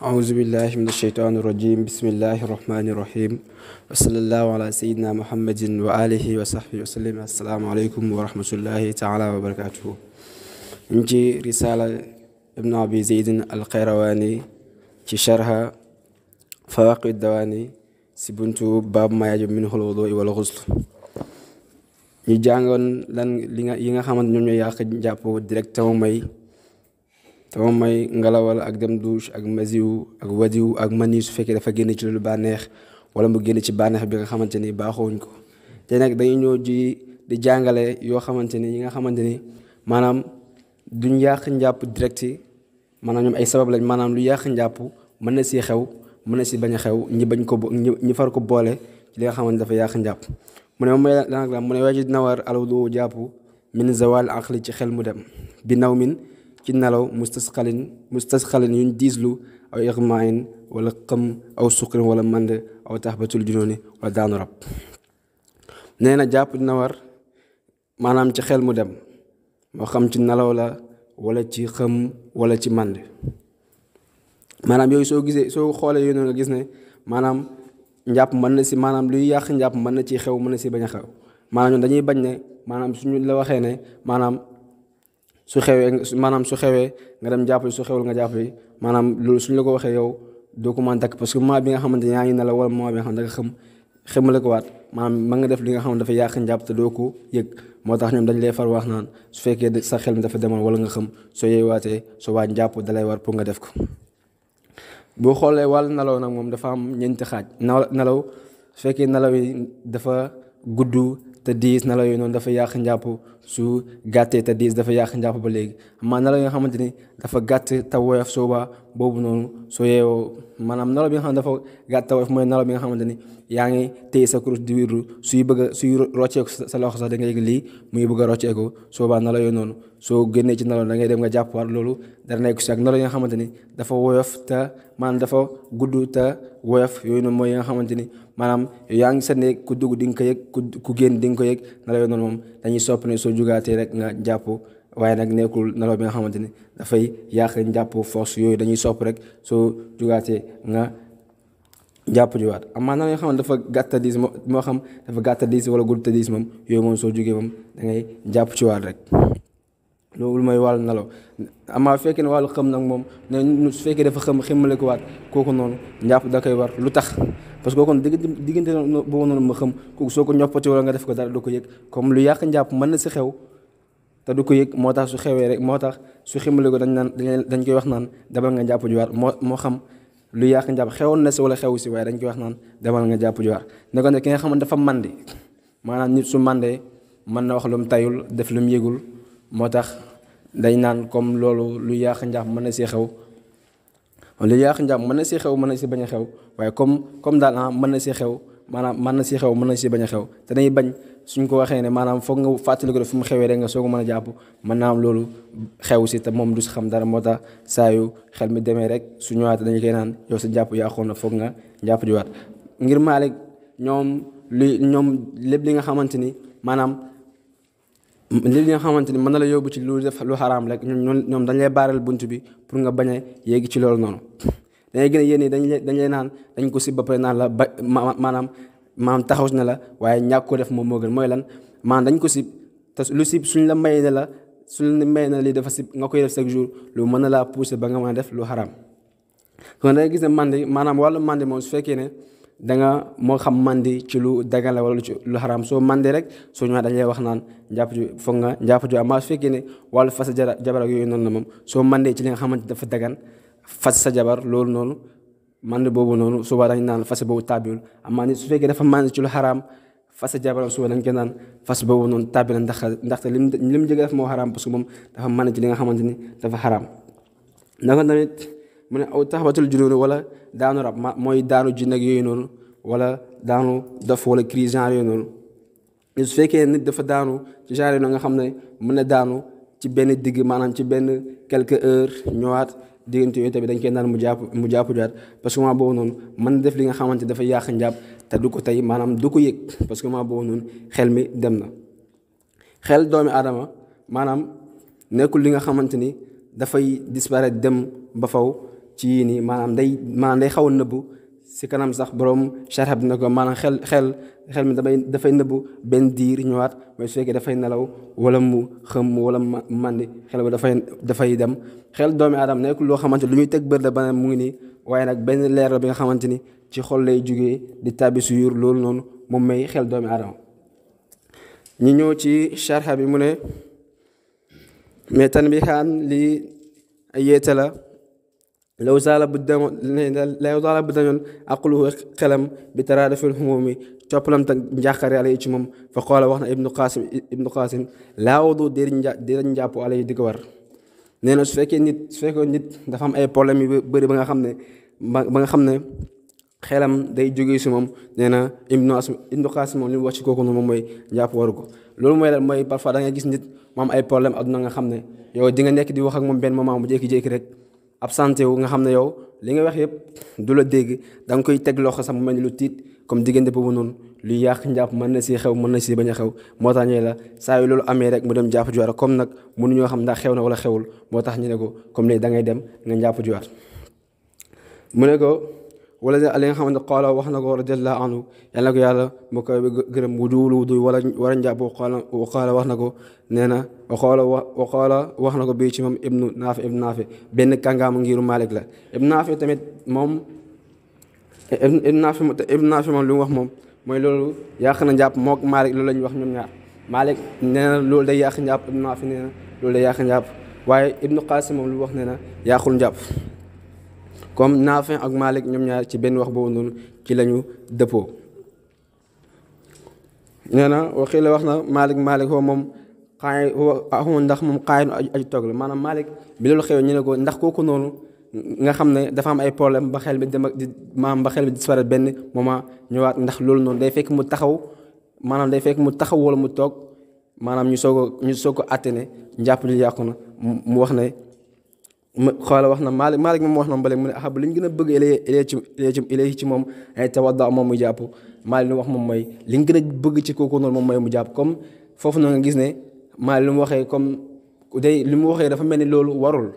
aousubillah min asheytaani irajim bismillahi irrahmani irrahim wasalallahu ala seyidna muhammadin wa alihi wa sahbi wasalim asalaamaaleykum wa rahmatullahi taala wa barakatuhu ñu ci risala ibn abi zeydin alxayrawaani ci sharha fawaqi dawaani si buntu baab ma yajibu minhu alwudu wal xusl ñu jàngoon lan li nga yi nga xamante ñoom ñooy yàq jàpp directement may dama may ngelawal ak dem douche ak masiw ak wadiw ak mani su fekkee dafa génn ci lu bànneex wala mu génn ci bànneex bi nga xamante ni baaxooñ ko te nag dañu ñëw ji di jàngale yoo xamante ni ñi nga xamante ni maanaam duñ yàq njàpp direct maanaam ñoom ay sabab lañ maanaam lu yàq njàpp mën na si xew mën na si bañ a xew ñi bañ ko ñi far ko boole ci li nga xamante dafa yàq njàpp mu ne moom daanaka mu ne waajib dina war doo jàpp min zawal aqli ci xel mu dem bi naw min ci nelaw mustasxalin mustasxalin yuñ diislu aw ixmaayin wala xëm aw suqrin wala mand aw taxbatul junooni wala daanu rab nee na jàpp dina war maanaam ci xel mu dem moo xam ci nelaw la wala ci xëm wala ci mand maanaam yooyu soo gisee soo xoolee yooyu noonu nga gis ne maanaam njàpp man na si maanaam luy yàq njàpp mën na ci xew mën na si bañ a xew maanaam dañuy bañ ne maanaam suñu la waxee ne maanaam su xewee manaam su xewee nga dem jàppale su xewul nga jàppale maanaam loolu suñ la ko waxee yow doo ko mën a dakk parce que moment bi nga xamante ne yaa ngi ne la wala moment bi nga xam ne da nga xam nga def li nga xam ne dafa yàq njàpp te doo ko yëg moo tax ñoom dañ lay far wax naan su fekkee sa xel dafa demoon wala nga xam soo yeewaatee soo waa njàpp dalay war pour nga def ko. xoolee wàllu nelaw nag moom dafa am ñeenti xaaj nelaw su fekkee nelaw yi dafa gudd te diis nelaw yi noonu dafa yàq njàpp su gàttee te diis dafa yàq njàpp ba léegi maanaam la nga xamante ni dafa gàtt te woyof soba boobu noonu soo yeewoo maanaam nelaw bi nga xam ne dafa gàtt tawaf mooy nelaw bi nga xamante ni yaa ngi téye sa kurus di wirdu suy bëgg suy rocceeku sa loxo sax da ngay yëg lii muy bëgg a rocceeku soo baa nelaw yooyu noonu soo génnee ci nelaw da ngay dem nga jàpp jàppuwaat loolu dara nekk si ak nelaw yi nga xamante ni dafa woyof te maanaam dafa gudd te woyof yooyu noonu mooy yi nga xamante ni maanaam yaa ngi sa néeg ku di nga ko yëg ku génn di nga ko yëg nelaw yooyu noonu moom dañuy sopp ne soo jugaatee rek nga jàpp waaye nag nekkul nelaw bi nga xamante ni dafay yàq njàpp force yooyu dañuy sopp rek soo jugaatee nga jàpp juwaat amaa nelaw yoo xam ne dafa gàtta diis moo xam dafa gàtta diis wala gudda diis moom soo jugee moom da ngay jàpp ci rek loolu mooy wàllu nelaw amaa fekkee ne wàllu xam nag moom ne su fekkee dafa xam ximale ko waat kooku noonu njàpp da koy war lu tax parce que kooku noonu diggante boobu noonu ma xam kooku soo ko ñoppati wala nga def ko dara du ko yëg comme lu yàq njàpp mën na si xew te du ko yëg moo tax su xewee rek moo tax su ximali ko dañ naan dañ koy wax naan demal nga jàpp jiwaar moo moo xam lu yàq njàpp xewoon na si wala xewu si waaye dañ koy wax naan demal nga jàpp jiwaar ne ko ne ki nga xam ne dafa màndi maanaam nit su màndee mën na wax lu mu tayul def lu mu yëgul moo tax dañ naan comme loolu lu yàq njàpp mën na si xew lu yàq njàpp mën na si xew mën na si bañ a xew waaye comme comme daal ah mën na si xew maanaam mën na si xew mën na si bañ a xew te dañuy bañ suñ ko waxee ne maanaam foog nga fàttali ko def fu mu xewee rek nga soog a mën a jàpp mën loolu xew si te moom du si xam dara moo tax saa yu xel mi demee rek su ñëwaatee dañu koy naan yow sa jàpp yaa na foog nga jàpp jiwaat ngir Malick ñoom li ñoom lépp li nga xamante ni maanaam lépp li nga xamante ni mën na la yóbbu ci lu def lu xaraam rek ñoom ñoom dañ lay baaral bunt bi pour nga bañ a yéegi ci loolu noonu dangay yéen dañ dañ leen naan dañ ko si ba pare naan la ba maanaam maanaam taxaw na la waaye ñàkk ko def moom moo gën mooy lan maanaam dañ ko sib te lu sib suñ la may ne la suñ may na lii dafa sib nga koy def chaque jour lu mën na laa pousser ba nga mën def lu xaraam kon dangay gis ne mandi maanaam wàllu mandi moom su fekkee ne da nga moo xam mandi ci lu dagan la wala ci lu xaraam soo mandi rek soo ñëwaat dañ lay wax naan njàpp ju foog nga njàpp ju am su fekkee ne wàllu fas jabar ak yooyu noonu la moom soo mandee ci li nga xamante dafa dagan fas sa jabar loolu noonu mànd boobu noonu suba dañ naan fas boobu tàbbiwul amaa ni su fekkee dafa mànd ci lu xaraam fas sa jabaram na ndax ndaxte lim lim jëgg def moo xaraam parce que moom dafa mànd ci li nga xamante dafa xaraam naka tamit mu ne aw taxawatul juróomi wala daanu rab ma mooy daanu ji ak yooyu noon wala daanu dof wala crise genre yooyu noonu su fekkee nit genre yooyu nga xam ne mën na daanu ci benn digg maanaam ci benn quelques heures ñowaat diggante yooyu tamit dañ koy naan mu jàpp mu jàpp jowaat parce que moment boobu noonu man def li nga xamante dafay yàq njàpp te du ko tey maanaam du ko yëg parce que moment boobu noonu xel mi dem na. xel doomi aadama maanaam nekkul li nga xamante ni dafay disparaître dem ba faw ci yii nii maanaam day maanaam day xaw a si kanam sax borom sharhab dina ko maanaam xel xel xel mi dafay dafay nëbbu benn diir ñëwaat mais su fekkee dafay nelaw wala mu xëm wala mu màndi xel ba dafay dem xel doomi aadama nekkul loo xamante lu ñuy teg bër la ba mu ngi nii waaye nag benn leer bi nga xamante ni ci xol lay jugee di tàbbi su yuur loolu noonu moom may xel doomi aadama ñu ñëw ci sharha bi mu ne mais tanbihaan lii yeete la law saala bu demoon law saala bu dañoon aqluhu xelam bi taraadafil humumi coppalamte njàqare alay ci moom fa xoola wax na ibnu qasim ibnu qasim laa wudu dir dir njàpp alay di ko war nee na su fekkee nit su fekkee nit dafa am ay problème yu bëri ba nga xam ne ba nga xam ne xelam day jógee si moom nee na ibnu qasim ibnu qasim moom li mu wax ci kooku noonu moom mooy njàpp waru ko loolu mooy lan mooy parfois da ngay gis nit mu am ay problème adduna nga xam ne yow di nga nekk di wax ak moom benn moment mu jekki jékki rek absenté wu nga xam ne yow li nga wax yëpp du la dégg da koy teg loxo sax mu mel ni lu tiit comme diggante boobu noonu lu yàq njàpp man na si xew mën na si bañ a xew moo tax ñu la saa yu loolu amee rek mu dem jàpp juwaat comme nag nu mënuñoo xam ndax xew na wala xewul moo tax ñu ne ko comme léegi da ngay dem nga jàpp juwaat mu ne wala li nga xamante qaala wax na ko radiallahu anhu yal na ko yàlla mu koy gërëm wujuwul wudu wala war a njàpp wa qaala wax na ko nee na wa qaala wax na ko bii ci moom ibnu naafi ibnu naafi benn ngiru Malik la ibnu naafi tamit moom ibnu naafi ibnu wax moom mooy loolu yàq na njàpp mook Malik loolu la wax ñoom ñaar Malik nee na loolu day yàq njàpp ibnu naafi nee loolu day yàq njàpp waaye ibnu Qaasim moom lu wax nee na yàqul njàpp comme naa Naafi ak Malik ñoom ñaar ci benn wax boobu noonu ci lañu dëppoo nee na waxii la wax na Malik Malik foofu moom xaay xamul ah, ndax moom xaay nu aju toog la maanaam Malik bi loolu xew ñu ne ko ndax kooku noonu nga xam ne dafa am ay problème ba xel bi dem ak di maanaam ba xel bi disparaître benn moment ñëwaat ndax loolu noonu day fekk mu taxaw maanaam day fekk mu taxaw wala mu toog maanaam ñu soog ñu soog ko àtte njàpp li yàqu na mu wax na ma xoola wax na Malick Malick moom wax na mbale mu ne ahabu li ñu gën a bëgg ilayhi ci ci moom ay tawadda moom mu jàpp Malick lu moom mooy li ñu gën a bëgg ci kooku noonu moom mooy mu jàpp comme foofu noonu gis ne Malick lu mu waxee comme day li mu waxee dafa mel ni loolu warul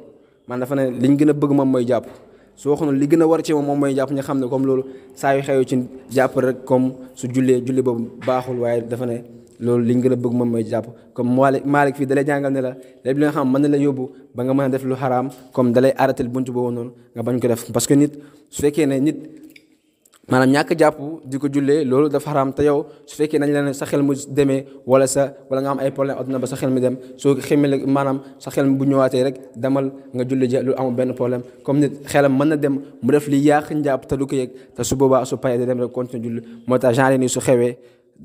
man dafa ne li gën a bëgg moom mooy jàpp su waxoon li gën a war ci moom mooy jàpp ñu xam ne comme loolu saa yu xew ci jàpp rek comme su jullee julli boobu baaxul waaye dafa ne loolu li ñu a bëgg moom mooy jàpp comme Malick Malick fii dalay jàngal ne la lépp li nga xam mën na la yóbbu ba nga mën a def lu xaraam comme dalay arrêté buntu boobu noonu nga bañ ko def parce que nit su fekkee ne nit maanaam ñàkk jàpp di ko jullee loolu dafa xaraam te yow su nañ la sa xel mu demee wala sa wala nga am ay problème adduna ba sa xel mi dem soo xamee maanaam sa xel bu ñëwaatee rek demal nga julli ji lu amul benn problème comme nit xelam mën na dem mu def li yàq njàpp te du ko yëg te su boobaa su payee di dem rek continuer julli moo tax genre nii su xewee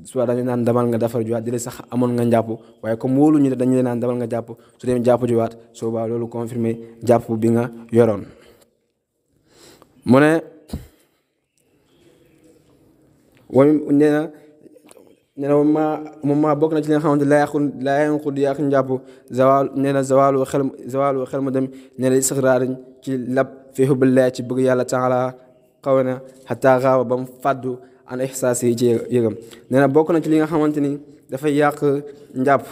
soit dañu naan demal nga defar jiwaat di sax amoon nga njàpp waaye comme wóolu ñu dañu leen naan demal nga jàpp su dem jàpp jiwaat soo baa loolu confirmé jàpp bi nga yoroon mu ne wam nee na nee na ma moom maa bokk na ci li nga xamante laa yàqu laa ci lab fi xubbillaa ci bëgg yàlla taala xaw na xataa xaawa ba mu fàddu al ixsaas yi ci yëgam nee na bokk na ci li nga xamante ni dafay yàq njàpp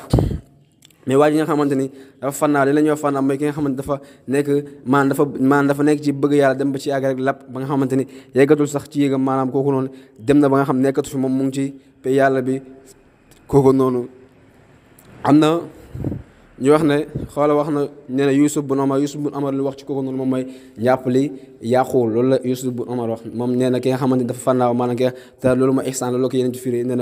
mais waa ji nga xamante ni dafa fannaa li la ñuy wax fannaa ki nga xamante dafa nekk man dafa maanaam dafa nekk ci bëgg yàlla dem ba ci yàgg rek lap ba nga xamante ni yeggatul sax ci maanaam kooku noonu dem na ba nga xam nekkatu fi moom mu ngi ci pay yàlla bi noonu ñu wax ne xoola wax na nee na Youssouf bun Omar Youssouf bun Omar lu wax ci kooku noonu moom mooy njàpp li yàquwul loolu la Youssouf bun Omar wax moom nee na ki nga xamante ni dafa fannaaw maanaam ki te loolu mooy ihsaan loolu ko yeneen ci firi nee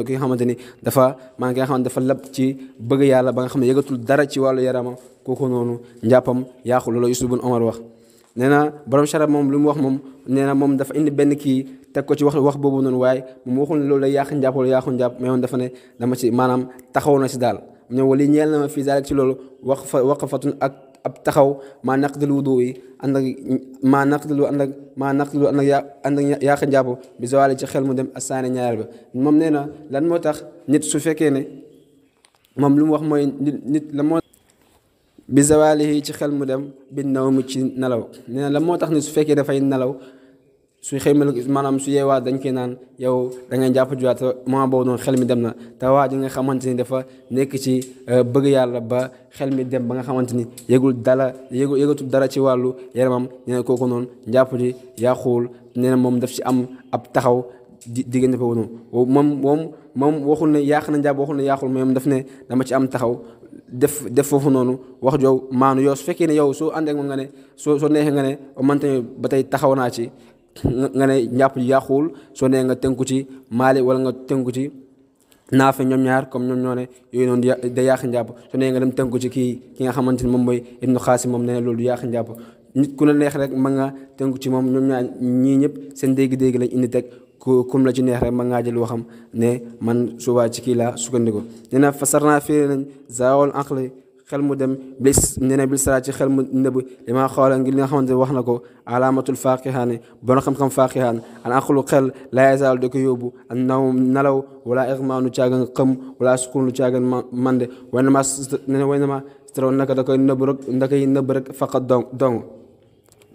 dafa maanaam ki nga xamante dafa ci bëgg yàlla ba nga xam ne yëgatul dara ci wàllu yaramam kooku noonu njàppam yàquwul loolu Youssouf bun Omar wax nee na borom charab moom lu mu wax moom nee na moom dafa indi benn kii teg ko ci wax wax boobu noonu waaye moom waxul ne loolu lay yàq njàpp wala yàqu njàpp mais moom dafa ne dama ci maanaam taxaw na si daal mu ne wali ñeel na ma fii zaalik ci loolu wax fa waqfatun ak ab taxaw maa naqdil wudu yi ànd ak maa naqdilu ànd ak maa naqdilu ànd ak yaa ànd ak yàq bi zawaale ci xel mu dem asaane ñaareel ba moom nee na lan moo tax nit su fekkee ne moom lu mu wax mooy nit nit la moo bi zawaale yi ci xel mu dem bi naw mi ci nelaw nee na lan moo tax nit su fekkee dafay nelaw su xëymal maanaam su yeewaa dañ kee naan yow da ngay jàpp juwaat moment boobu noonu xel mi dem na te waa ji nga xamante ni dafa nekk ci euh, bëgg yàlla ba xel mi dem ba nga xamante ni yëgul dala yëgu yëgatul dara ci wàllu yaramam nee noonu njàpp ji yàquwul nee na moom daf ci am ab taxaw di diggante boobu noonu moom moom waxul ne yàq na njàpp ne yàqul moom daf ne dama ci am taxaw def def foofu noonu wax joow maanu yow su fekkee ne yow soo ànd ak nga ne soo soo neexee nga ne man tamit ba tey taxaw naa ci nga ne njàpp ji yàquwul soo nee nga tënku ci maali wala nga tënku ci naafe ñoom ñaar comme ñoom ñoo ne yooyu noonu day yàq njàpp soo nee nga dem tënku ci kii ki nga xamante ni moom mooy ibnu xaasim moom nee na loolu du yàq njàpp nit ku la neex rek mën nga tënku ci moom ñoom ñaar ñii ñëpp seen dégg-dégg lañ indi teg ku kum la ci neex rek mën ngaa jël waxam ne man subaa ci kii laa sukkandiku nee na fasarnaa firi nañ zaawal aqli xel mu dem bis ne ne bil sara ci xel mu nëbb li ma xoola ngir li nga xamante wax na ko alaamatul faaqihaani bon xam-xam faaqihaan an aqlu xel laa yazaal da ko yóbbu an naw nalaw wala irmaanu caagan xëm wala sukun lu caagan mande way nama way nama straw naka da koy nëbb rek da koy nëbb rek faqat dong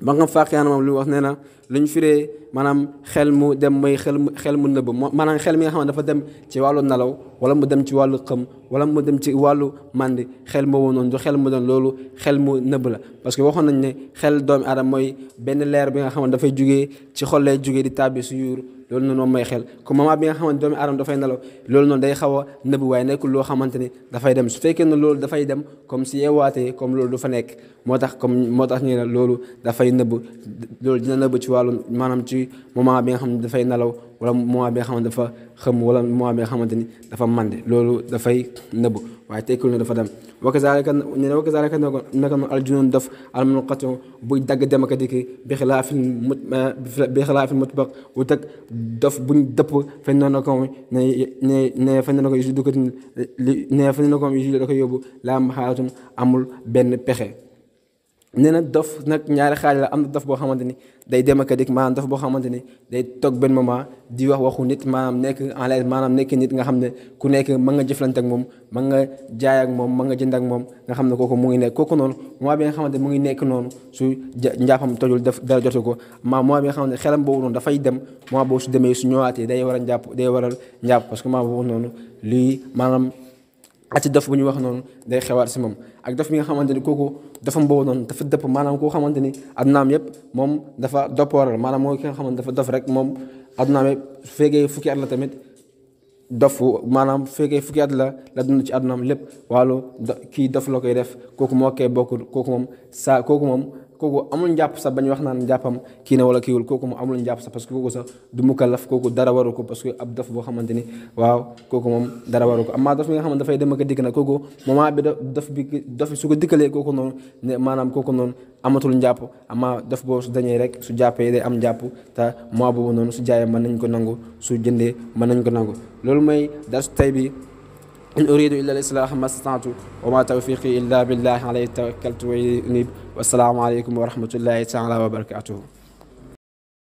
ba nga fàqiyaan moom li wax nee na lu ñu firee maanaam xel mu dem mooy xel mu xel mu nëbb maanaam xel mi nga xam ne dafa dem ci wàllu nalaw wala mu dem ci wàllu xëm wala mu dem ci wàllu màndi xel boobu noonu du xel mu doon loolu xel mu nëbb la parce que waxoon nañ ne xel doomi aadama mooy benn leer bi nga xam ne dafay jugee ci xol lay jugee di tàbbi yuur loolu noonu may xel comme moment bi nga xamante doomu aadama dafay nelaw loolu noonu day xaw a nëbb waaye nekkul loo xamante ne dafay dem su fekkee ne loolu dafay dem comme si yeewaatee comme loolu du fa nekk moo tax comme moo tax ñu ne loolu dafay nëbb loolu dina nëbb ci wàllu maanaam ci moment bi nga xam ne dafay nelaw wala mois bi nga xamante dafa xëm wala moo bi xamante ni dafa mànde loolu dafay nëbbu waaye tekkul ne dafa dem wakazalika ne wakazalika naka noonu aljunoon daf almunqation buy dagg dem ak dikki bi xilaafin mut eh, bi xilaafin mutbaq wut ak dof buñ dëpp fen na ko ne ne ne fen na ko yusi dukkati ne fen na ko yusi da ko yóbbu laa maxaalatum amul benn pexe nee na dof nag ñaari xaaj am na dof boo xamante ni day dem a dikk maanaam dof boo xamante ni day toog benn moment nit maanaam nekk en maanaam nekk nit nga xam ne ku nekk mën nga jëflante ak moom mën nga jaay ak moom mën nga jënd ak moom nga xam ne kooku mu ngi nekk kooku noonu moment bi nga xamante mu ngi nekk noonu su njàppam tojul def dara jotu ko ma moom bi nga xam ne xelam boobu noonu dafay dem moment boobu su demee su ñëwaatee day war a njàpp day waral njàpp parce que moment boobu noonu lii maanaam ati dof bu ñu wax noonu day xewaat si moom ak dof bi nga xamante ni kooku dafa mboobu noonu dafa dëpp maanaam koo xamante ni addunaam yëpp moom dafa dopp waral maanaam mooy ki nga xamante dafa dof rek moom addunaam yëpp su fekkee fukki la tamit dof maanaam su fekkee fukki la la dund ci addunaam lépp wàllu kii dof la koy def kooku moo koy bokkul kooku moom saa kooku moom kooku amul njàpp sax bañ wax naan njàppam kii na wala kiiwul kooku mu amul njàpp sax parce kooku sax du mukallaf kooku dara waru ko parce que ab daf boo xamante waaw kooku moom dara waru ko a dikk nag kooku moment bi daf bi daf su ko amatul njàpp amaa daf boobu su dañee rek su jàppee day am njàpp te mois boobu noonu su jaayee man nañ ko nangu su jëndee mën nañ ko nangu loolu mooy darsu tey bi in uridu illa al-islaha ma stata'tu wa ma tawfiqi illa billahi alayhi tawakkaltu wa ilayhi unib wa salaamu alaykum wa rahmatullahi taala wa barakatuhu